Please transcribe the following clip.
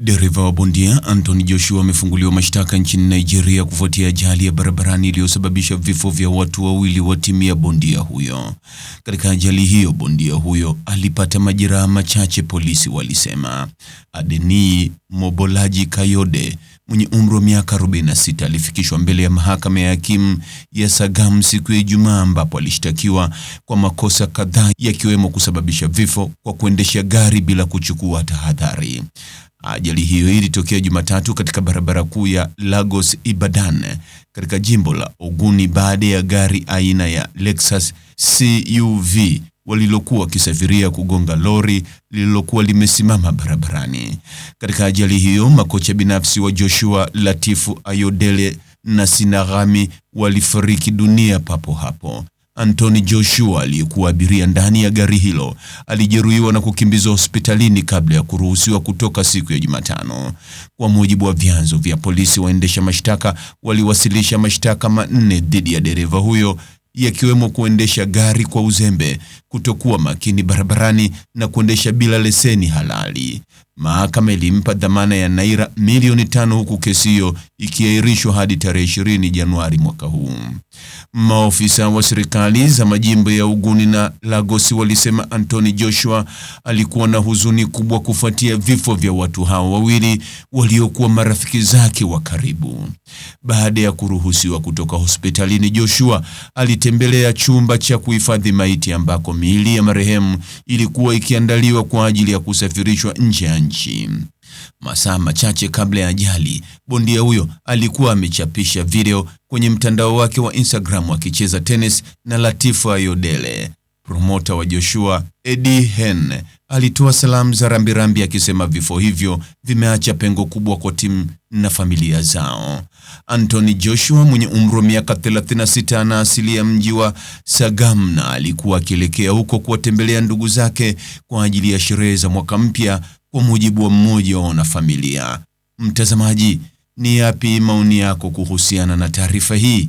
Dereva wa bondia Anthony Joshua amefunguliwa mashtaka nchini Nigeria kufuatia ajali ya barabarani iliyosababisha vifo vya watu wawili wa timu ya bondia huyo. Katika ajali hiyo, bondia huyo alipata majeraha machache, polisi walisema. Adeni Mobolaji Kayode mwenye umri wa miaka 46 alifikishwa mbele ya mahakama ya hakimu ya sagam siku ya Ijumaa ambapo alishtakiwa kwa makosa kadhaa yakiwemo kusababisha vifo kwa kuendesha gari bila kuchukua tahadhari. Ajali hiyo ilitokea Jumatatu katika barabara kuu ya Lagos Ibadan katika jimbo la Oguni baada ya gari aina ya Lexus CUV walilokuwa wakisafiria kugonga lori lililokuwa limesimama barabarani. Katika ajali hiyo, makocha binafsi wa Joshua Latifu Ayodele na Sinagami walifariki dunia papo hapo. Anthony Joshua aliyekuwa abiria ndani ya gari hilo alijeruhiwa na kukimbizwa hospitalini kabla ya kuruhusiwa kutoka siku ya Jumatano. Kwa mujibu wa vyanzo vya polisi, waendesha mashtaka waliwasilisha mashtaka manne dhidi ya dereva huyo, yakiwemo kuendesha gari kwa uzembe, kutokuwa makini barabarani na kuendesha bila leseni halali. Mahakama ilimpa dhamana ya naira milioni tano huku kesi hiyo ikiahirishwa hadi tarehe 20 Januari mwaka huu. Maofisa wa serikali za majimbo ya Uguni na Lagos walisema Anthony Joshua alikuwa na huzuni kubwa kufuatia vifo vya watu hao wawili waliokuwa marafiki zake wa karibu. Baada ya kuruhusiwa kutoka hospitalini, Joshua alitembelea chumba cha kuhifadhi maiti ambako miili ya marehemu ilikuwa ikiandaliwa kwa ajili ya kusafirishwa nje ya nchi. Masaa machache kabla ya ajali, bondia huyo alikuwa amechapisha video kwenye mtandao wake wa Instagram akicheza tenis na Latifa Yodele, Promota wa Joshua Eddie hen alitoa salamu za rambirambi akisema vifo hivyo vimeacha pengo kubwa kwa timu na familia zao. Anthony Joshua mwenye umri wa miaka 36 ana asili ya mji wa Sagamna alikuwa akielekea huko kuwatembelea ndugu zake kwa ajili ya sherehe za mwaka mpya, kwa mujibu wa mmoja wa wanafamilia. Mtazamaji, ni yapi maoni yako kuhusiana na taarifa hii?